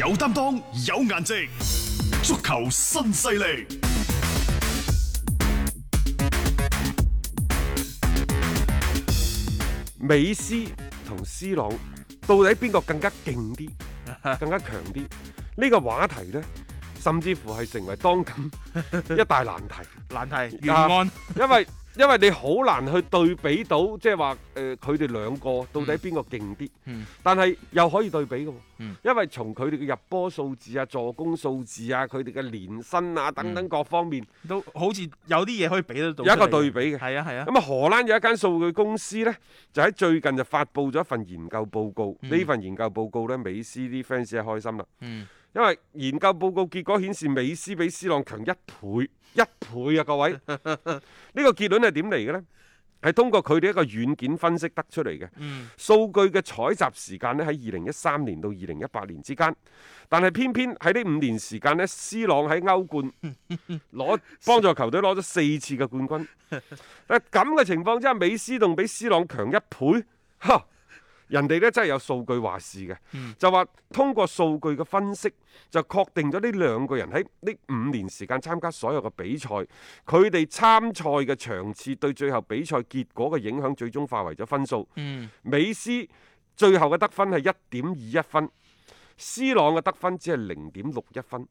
有擔當，有顏值，足球新勢力。美斯同 C 朗到底邊個更加勁啲，更加強啲？呢 個話題咧，甚至乎係成為當今一大難題。 難題，原案、 啊，因為。因為你好難去對比到，即係話誒佢哋兩個到底邊個勁啲，嗯、但係又可以對比嘅，嗯、因為從佢哋嘅入波數字啊、助攻數字啊、佢哋嘅年薪啊等等各方面，嗯、都好似有啲嘢可以比得到。有一個對比嘅，係啊係啊。咁啊，荷蘭有一間數據公司呢，就喺最近就發布咗一份研究報告。呢、嗯、份研究報告呢，美斯啲 fans 係開心啦。嗯因為研究報告結果顯示，美斯比斯朗強一倍，一倍啊！各位，呢個結論係點嚟嘅呢？係通過佢哋一個軟件分析得出嚟嘅。數據嘅採集時間呢，喺二零一三年到二零一八年之間，但係偏偏喺呢五年時間呢，斯朗喺歐冠攞幫助球隊攞咗四次嘅冠軍。但係咁嘅情況之下，美斯仲比斯朗強一倍，吓！人哋呢真係有數據話事嘅，就話通過數據嘅分析，就確定咗呢兩個人喺呢五年時間參加所有嘅比賽，佢哋參賽嘅場次對最後比賽結果嘅影響，最終化為咗分數。嗯，美斯最後嘅得分係一點二一分，C 朗嘅得分只係零點六一分，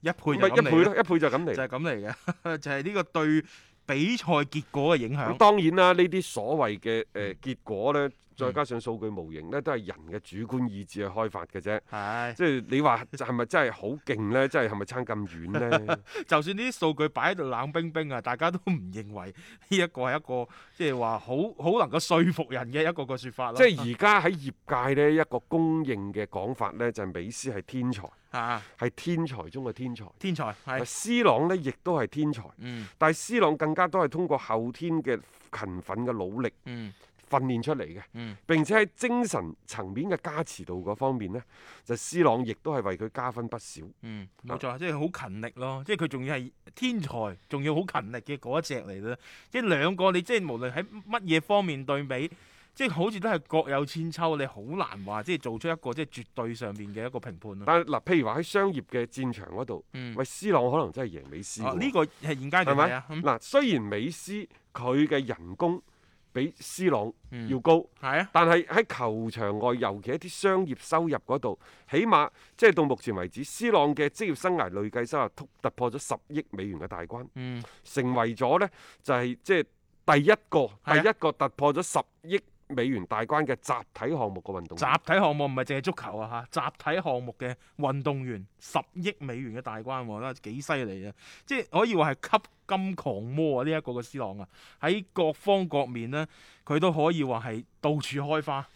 一倍一倍咯，一倍就係咁嚟，就係咁嚟嘅，就係呢個對比賽結果嘅影響。當然啦，呢啲所謂嘅誒結果呢。再加上數據模型呢，嗯、都係人嘅主觀意志去開發嘅啫。係是，即係你話係咪真係好勁呢？即係係咪差咁遠呢？ 就算呢啲數據擺喺度冷冰冰啊，大家都唔認為呢一個係一個即係話好好能夠說服人嘅一個個說法咯。即係而家喺業界呢 一個公認嘅講法呢，就係、是、美斯係天才，係、啊、天才中嘅天才。天才係。C 朗呢亦都係天才。但係 C 朗、嗯、朗更加都係通過後天嘅勤奮嘅努力。嗯。訓練出嚟嘅，並且喺精神層面嘅加持度嗰方面呢，就 C 朗亦都係為佢加分不少。嗯，冇錯，啊、即係好勤力咯，即係佢仲要係天才，仲要好勤力嘅嗰一隻嚟嘅。即係兩個你即係無論喺乜嘢方面對比，即係好似都係各有千秋，你好難話即係做出一個即係絕對上面嘅一個評判咯。嗯、但係嗱，譬、呃、如話喺商業嘅戰場嗰度，嗯、喂，C 朗可能真係贏美斯。呢、啊這個係現階段係咪啊？嗱，雖然美斯佢嘅人工。比 C 朗要高，嗯啊、但係喺球場外，尤其一啲商業收入嗰度，起碼即係、即係、到目前為止，C 朗嘅職業生涯累計收入突突破咗十億美元嘅大關，嗯、成為咗呢就係即係第一個、啊、第一個突破咗十億。美元大關嘅集體項目嘅運動集，集體項目唔係淨係足球啊嚇，集體項目嘅運動員十億美元嘅大關喎，都幾犀利啊！即係可以話係吸金狂魔啊！呢、這、一個個 C 朗啊，喺各方各面咧，佢都可以話係到處開花。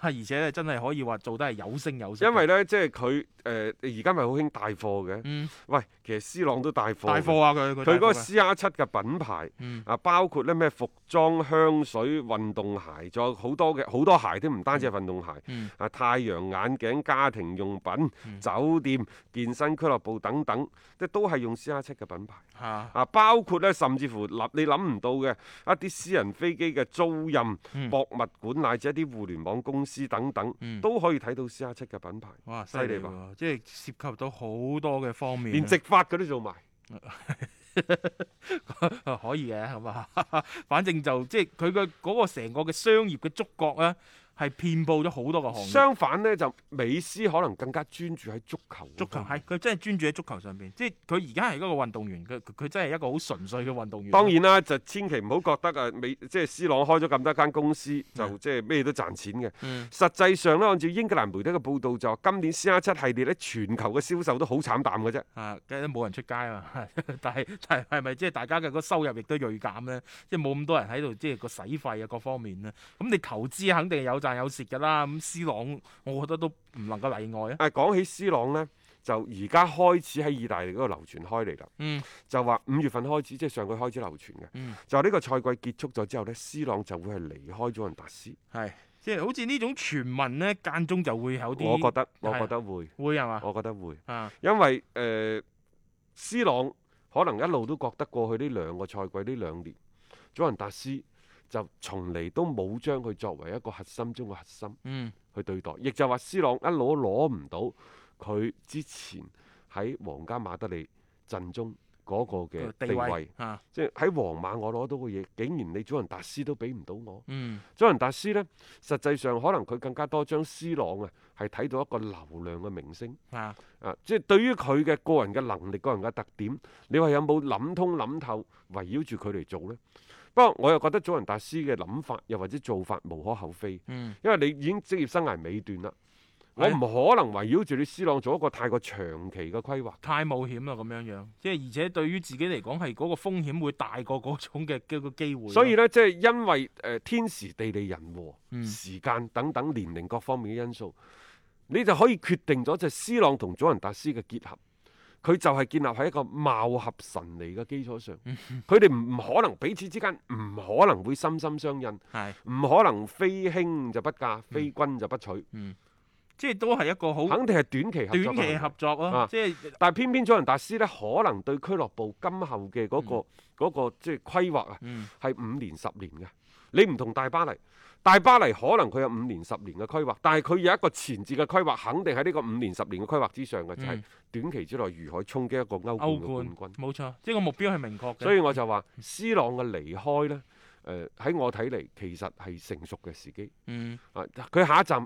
而且咧，真係可以話做得係有聲有色，因為呢，即係佢誒而家咪好興帶貨嘅。嗯、喂，其實 C 朗都帶貨。帶貨啊！佢佢嗰個 CR7 嘅品牌，嗯、啊，包括呢咩服裝、香水、運動鞋，仲有好多嘅好多鞋添，唔單止係運動鞋。嗯嗯、啊，太陽眼鏡、家庭用品、嗯、酒店、健身俱樂部等等，即都係用 CR7 嘅品牌。啊，包括呢，甚至乎你諗唔到嘅一啲私人飛機嘅租賃、博物館乃至一啲互聯網公公司等等、嗯、都可以睇到 C R 七嘅品牌，哇嘩，犀利喎！即係涉及到好多嘅方面，連直髮佢都做埋， 可以嘅係嘛， 反正就即係佢嘅個成個嘅商業嘅觸覺啊。係遍佈咗好多個項目。相反呢，就美斯可能更加專注喺足，足球。足球係佢真係專注喺足球上邊，即係佢而家係一個運動員，佢佢真係一個好純粹嘅運動員。當然啦，就千祈唔好覺得啊，美即係 C 朗開咗咁多間公司，就即係咩都賺錢嘅。嗯。嗯，實際上呢，按照英格蘭媒體嘅報導就，今年 C R 七系列咧，全球嘅銷售都好慘淡嘅啫。啊，都冇人出街啊。 但係但係係咪即係大家嘅嗰收入亦都鋭減呢？即係冇咁多人喺度，即係個使費啊各方面呢。咁你投資肯定有。但有蝕嘅啦，咁 C 朗我覺得都唔能夠例外啊！誒，講起 C 朗呢，就而家開始喺意大利嗰度流傳開嚟啦。嗯、就話五月份開始，即係上季開始流傳嘅。嗯，就呢個賽季結束咗之後呢，C 朗就會係離開咗祖雲達斯。係，即係好似呢種傳聞呢間中就會有啲。我覺得，我覺得會會係嘛？我覺得會。是因為誒、呃、C 朗可能一路都覺得過去呢兩個賽季呢兩年，祖雲達斯。就從嚟都冇將佢作為一個核心中嘅核心去對待，亦、嗯、就話 C 朗一攞攞唔到佢之前喺皇家馬德里陣中嗰個嘅地位，地位啊、即係喺皇馬我攞到嘅嘢，竟然你祖雲達斯都俾唔到我。嗯、祖雲達斯呢，實際上可能佢更加多將 C 朗啊係睇到一個流量嘅明星啊，啊，即係對於佢嘅個人嘅能力、個人嘅特點，你話有冇諗通諗透圍繞住佢嚟做呢？不過，我又覺得祖雲達斯嘅諗法又或者做法無可厚非，嗯、因為你已經職業生涯尾段啦。的我唔可能圍繞住你 C 朗做一個太過長期嘅規劃，太冒險啦咁樣樣。即係而且對於自己嚟講，係嗰個風險會大過嗰種嘅嘅個機會。所以呢，即、就、係、是、因為誒、呃、天時地利人和、嗯、時間等等、年齡各方面嘅因素，你就可以決定咗就 C 朗同祖雲達斯嘅結合。佢就係建立喺一個貌合神離嘅基礎上，佢哋唔可能彼此之間唔可能會心心相印，唔是可能非兄就不嫁，嗯、非君就不娶、嗯嗯，即係都係一個好肯定係短期短期合作咯，但係偏偏祖雲達斯呢，可能對俱樂部今後嘅嗰、嗰個即係規劃啊，係、嗯、五年十年嘅。嗯、你唔同大巴黎。大巴黎可能佢有五年十年嘅規劃，但係佢有一個前置嘅規劃，肯定喺呢個五年十年嘅規劃之上嘅，嗯、就係短期之內如何衝擊一個歐冠嘅冠軍。冇錯，即係、這個目標係明確嘅。所以我就話，C 朗嘅離開呢，喺、呃、我睇嚟其實係成熟嘅時機。嗯，啊佢下一站。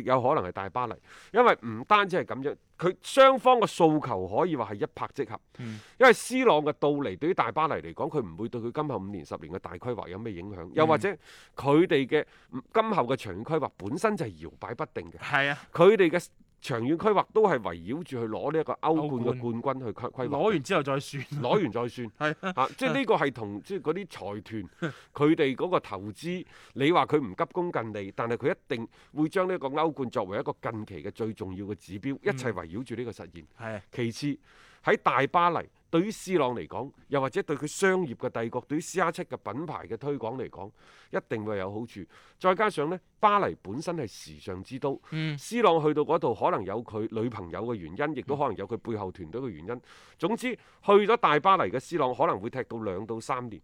亦有可能係大巴黎，因為唔單止係咁樣，佢雙方嘅訴求可以話係一拍即合。嗯、因為 C 朗嘅到嚟對於大巴黎嚟講，佢唔會對佢今後五年、十年嘅大規劃有咩影響，嗯、又或者佢哋嘅今後嘅長遠規劃本身就係搖擺不定嘅。係啊，佢哋嘅。長遠規劃都係圍繞住去攞呢一個歐冠嘅冠軍去規規劃。攞完之後再算。攞 完再算。係、 啊。即係呢個係同即係嗰啲財團佢哋嗰個投資，你話佢唔急功近利，但係佢一定會將呢個歐冠作為一個近期嘅最重要嘅指標，一切圍繞住呢個實現。嗯、其次。喺大巴黎，對於 C 朗嚟講，又或者對佢商業嘅帝國，對於 C R 七嘅品牌嘅推廣嚟講，一定會有好處。再加上呢，巴黎本身係時尚之都，C、嗯、朗去到嗰度，可能有佢女朋友嘅原因，亦都可能有佢背後團隊嘅原因。總之，去咗大巴黎嘅 C 朗可能會踢到兩到三年。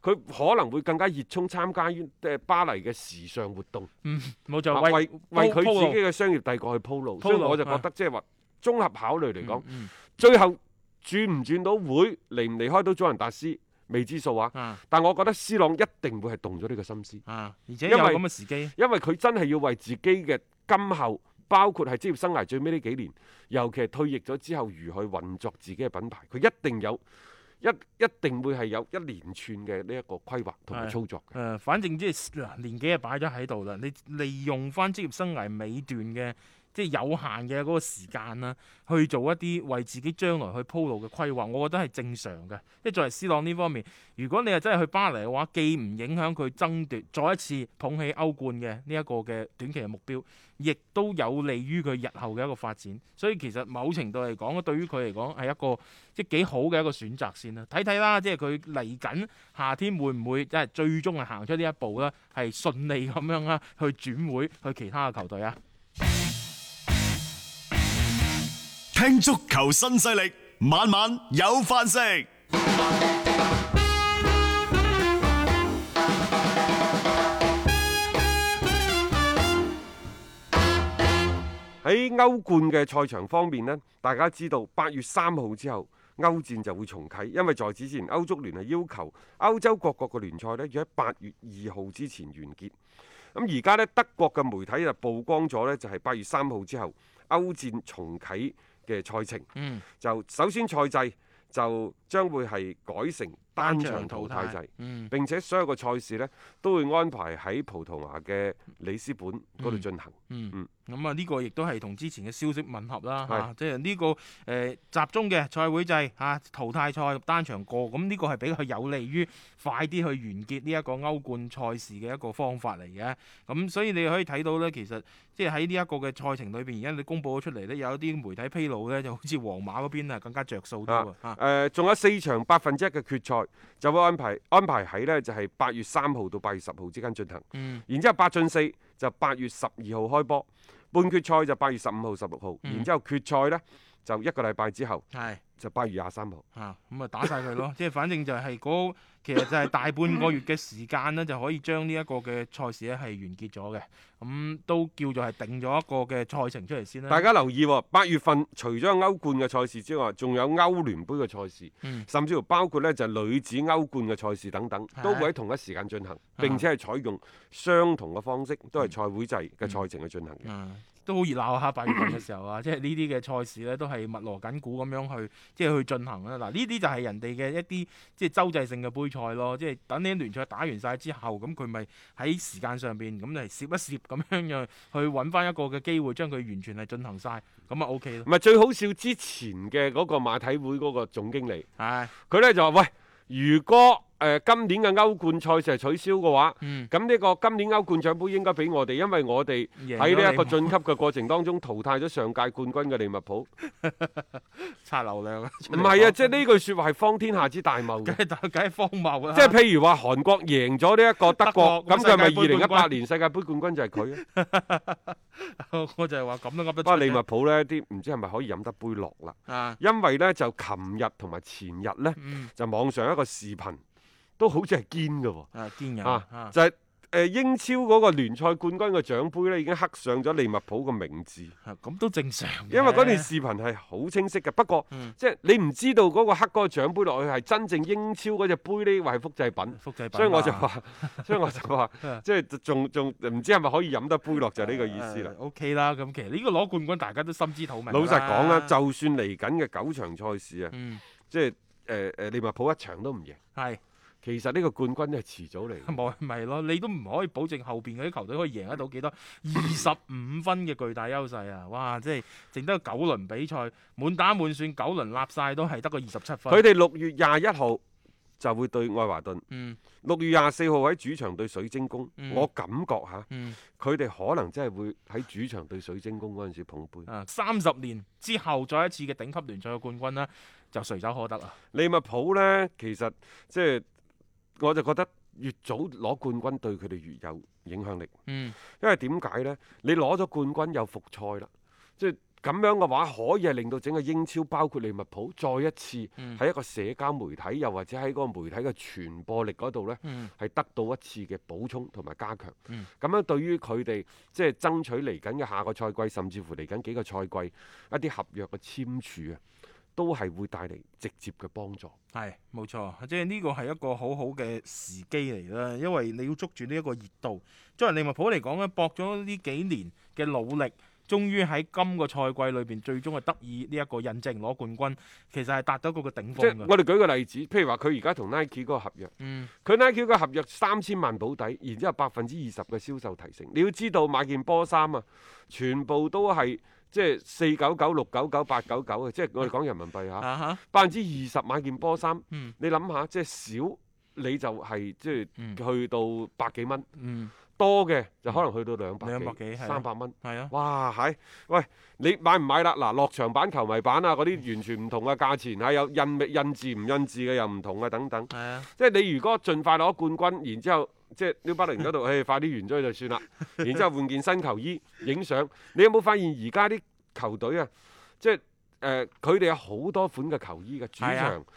佢是可能會更加熱衷參加於巴黎嘅時尚活動。嗯，啊、為佢自己嘅商業帝國去鋪路，鋪路，所以我就覺得即係話綜合考慮嚟講。嗯嗯嗯嗯最後轉唔轉到會離唔離開到祖雲達斯，未知數啊！啊，但我覺得 C 朗一定會係動咗呢個心思啊，而且有咁嘅時機，因為佢真係要為自己嘅今後，包括係職業生涯最尾呢幾年，尤其係退役咗之後，如去運作自己嘅品牌，佢一定有一一定會係有一連串嘅呢一個規劃同埋操作嘅、呃。反正即係年紀啊擺咗喺度啦，你利用翻職業生涯尾段嘅。即係有限嘅嗰個時間啦，啊，去做一啲為自己將來去鋪路嘅規劃，我覺得係正常嘅。即係作為 C 朗呢方面，如果你係真係去巴黎嘅話，既唔影響佢爭奪再一次捧起歐冠嘅呢一個嘅短期嘅目標，亦都有利於佢日後嘅一個發展。所以其實某程度嚟講，對於佢嚟講係一個即係幾好嘅一個選擇先啦。睇睇啦，即係佢嚟緊夏天會唔會即係最終係行出呢一步啦，係順利咁樣啦，去轉會去其他嘅球隊啊。聽足球新勢力，晚晚有飯食。喺歐冠嘅賽場方面咧，大家知道八月三號之後，歐戰就會重啟，因為在此之前，歐足聯係要求歐洲各國嘅聯賽咧要喺八月二號之前完結。咁而家咧，德國嘅媒體就曝光咗咧，就係八月三號之後，歐戰重啟。嘅賽程，嗯，就首先賽制就將會係改成，單場淘汰制，嗯，並且所有個賽事咧都會安排喺葡萄牙嘅里斯本嗰度進行，嗯，咁啊呢個亦都係同之前嘅消息吻合啦，是啊、即係呢、這個誒、呃、集中嘅賽會制嚇、啊、淘汰賽單場過，咁、嗯、呢、這個係比較有利於快啲去完結呢一個歐冠賽事嘅一個方法嚟嘅，咁、啊嗯、所以你可以睇到呢，其實即係喺呢一個嘅賽程裏邊，而家你公佈咗出嚟呢，有一啲媒體披露呢，就好似皇馬嗰邊啊更加着數多啊，仲、呃呃、有四場百分之一嘅決賽。就會安排安排喺呢就係、是、八月三號到八月十號之間進行，嗯、然之後八進四就八月十二號開波，半決賽就八月十五號、十六號，嗯、然之後決賽呢就一個禮拜之後，係是就八月廿三號，吓咁啊打曬佢咯， 即係反正就係嗰、那個、其實就係大半個月嘅時間呢，就可以將呢一個嘅賽事咧係完結咗嘅。咁都叫做係定咗一個嘅賽程出嚟先啦、啊嗯啊啊。大家留意，八月份除咗歐冠嘅賽事之外，仲有歐聯杯嘅賽事，甚至乎包括呢就女子歐冠嘅賽事等等，都會喺同一時間進行，並且係採用相同嘅方式，都係賽會制嘅賽程去進行嘅。都好熱鬧下、啊，八月份嘅時候啊，即係呢啲嘅賽事呢， 都係密鑼緊鼓咁樣去，即係去進行啦。嗱，呢啲就係人哋嘅一啲即係洲際性嘅杯賽咯，即係等呢啲聯賽打完晒之後，咁佢咪喺時間上邊咁嚟攝一攝。咁樣樣去揾翻一個嘅機會，將佢完全係進行晒，咁啊 O K 咯。唔係，最好笑之前嘅嗰個馬體會嗰個總經理，佢咧唉就話：喂，如果誒、呃，今年嘅歐冠賽事係取消嘅話，咁呢、嗯、個今年歐冠獎杯應該俾我哋，因為我哋喺呢一個晉級嘅過程當中淘汰咗上屆冠軍嘅利物浦。刷 流量啊！唔係啊，即係呢句説話係荒天下之大謬。梗係梗係荒謬啊！即係譬如話韓國贏咗呢一個德國，咁佢係咪二零一八年世界盃冠， 冠軍就係佢啊？ 我就係話咁多噏都。不過利物浦呢啲唔知係咪可以飲得杯落啦？啊、因為呢就琴日同埋前日呢，就網上一個視頻。嗯都好似係堅嘅喎，啊，堅嘅，就係誒英超嗰個聯賽冠軍嘅獎杯咧，已經刻上咗利物浦嘅名字。咁都正常，因為嗰段視頻係好清晰嘅。不過，即係你唔知道嗰個刻嗰個獎杯落去係真正英超嗰隻杯呢，或係複製品。複製品，所以我就話，所以我就話，即係仲仲唔知係咪可以飲得杯落，就係呢個意思啦。O K 啦，咁其實呢個攞冠軍大家都心知肚明。老實講啦，就算嚟緊嘅九場賽事啊，即係誒誒利物浦一場都唔贏。係。其實呢個冠軍係遲早嚟，冇咪咯？你都唔可以保證後邊嗰啲球隊可以贏得到幾多二十五分嘅巨大優勢啊！哇，即係剩得九輪比賽，滿打滿算九輪立晒都係得個二十七分。佢哋六月廿一號就會對愛華頓，嗯，六月廿四號喺主場對水晶宮，嗯、我感覺嚇，佢哋、嗯、可能真係會喺主場對水晶宮嗰陣時捧杯。三十、嗯、年之後再一次嘅頂級聯賽嘅冠軍呢，就隨手可得啦。利物浦呢，其實即係。我就覺得越早攞冠軍對佢哋越有影響力，嗯、因為點解呢？你攞咗冠軍又復賽啦，即係咁樣嘅話，可以係令到整個英超包括利物浦再一次喺一個社交媒體，又或者喺嗰個媒體嘅傳播力嗰度呢，係、嗯、得到一次嘅補充同埋加強。咁、嗯、樣對於佢哋即係爭取嚟緊嘅下個賽季，甚至乎嚟緊幾個賽季一啲合約嘅簽署啊，都係會帶嚟直接嘅幫助，係冇錯，即係呢個係一個好好嘅時機嚟啦。因為你要捉住呢一個熱度，作為利物浦嚟講咧，搏咗呢幾年嘅努力，終於喺今個賽季裏邊最終係得以呢一個印證攞冠軍，其實係達到嗰個頂峰。即係我哋舉個例子，譬如話佢而家同 Nike 嗰個合約，嗯，佢 Nike 嘅合約三千萬保底，然之後百分之二十嘅銷售提成。你要知道買件波衫啊，全部都係。即係四九九、六九九、八九九嘅，即係我哋講人民幣吓，百分之二十買件波衫，嗯，你諗下，即係少你就係即係去到百幾蚊。嗯嗯多嘅就可能去到兩百幾、三百蚊。係元啊，哇！係，喂，你買唔買啦？嗱、啊，落場版球迷版啊，嗰啲完全唔同嘅價錢啊，有印印字唔印字嘅又唔同啊，等等。啊、即係你如果盡快攞冠軍，然之後即係 New Balance 嗰度，誒， 快啲完咗佢就算啦。然之後換件新球衣影相。你有冇發現而家啲球隊啊，即係佢哋有好多款嘅球衣嘅主場，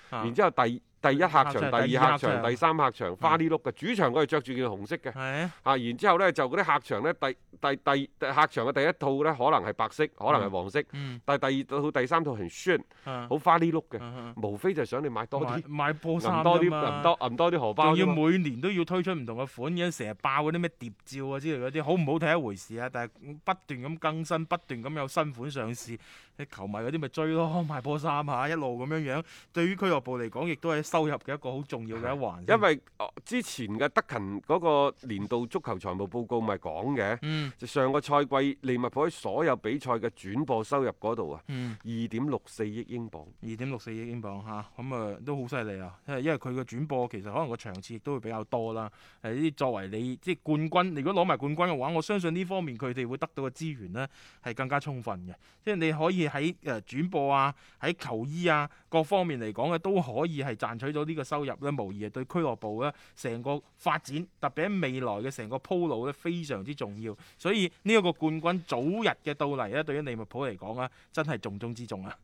啊啊、然之後第第一客場、第二客場、第三客場，花呢碌嘅主場，我係着住件紅色嘅。啊。然之後咧就嗰啲客場咧，第第第客場嘅第一套咧可能係白色，可能係黃色。但係第二套、第三套係酸，好花呢碌嘅。無非就係想你買多啲，買波衫啊揼多啲，揼多揼多啲荷包。仲要每年都要推出唔同嘅款，咁成日爆嗰啲咩諜照啊之類嗰啲，好唔好睇一回事啊？但係不斷咁更新，不斷咁有新款上市，啲球迷嗰啲咪追咯，買波衫啊，一路咁樣樣。對於俱樂部嚟講，亦都係，收入嘅一個好重要嘅一環，因為之前嘅德勤嗰個年度足球財務報告咪講嘅，嗯、就上個賽季利物浦喺所有比賽嘅轉播收入嗰度、嗯、啊，二點六四億英鎊，二點六四億英鎊吓，咁啊都好犀利啊，因為因為佢嘅轉播其實可能個場次亦都會比較多啦，誒呢作為你即係冠軍，你如果攞埋冠軍嘅話，我相信呢方面佢哋會得到嘅資源咧係更加充分嘅，即係你可以喺誒轉播啊，喺球衣啊各方面嚟講嘅都可以係賺。取到呢個收入咧，無疑係對俱樂部咧成個發展，特別喺未來嘅成個鋪路咧，非常之重要。所以呢一個冠軍早日嘅到嚟咧，對於利物浦嚟講咧，真係重中之重啊！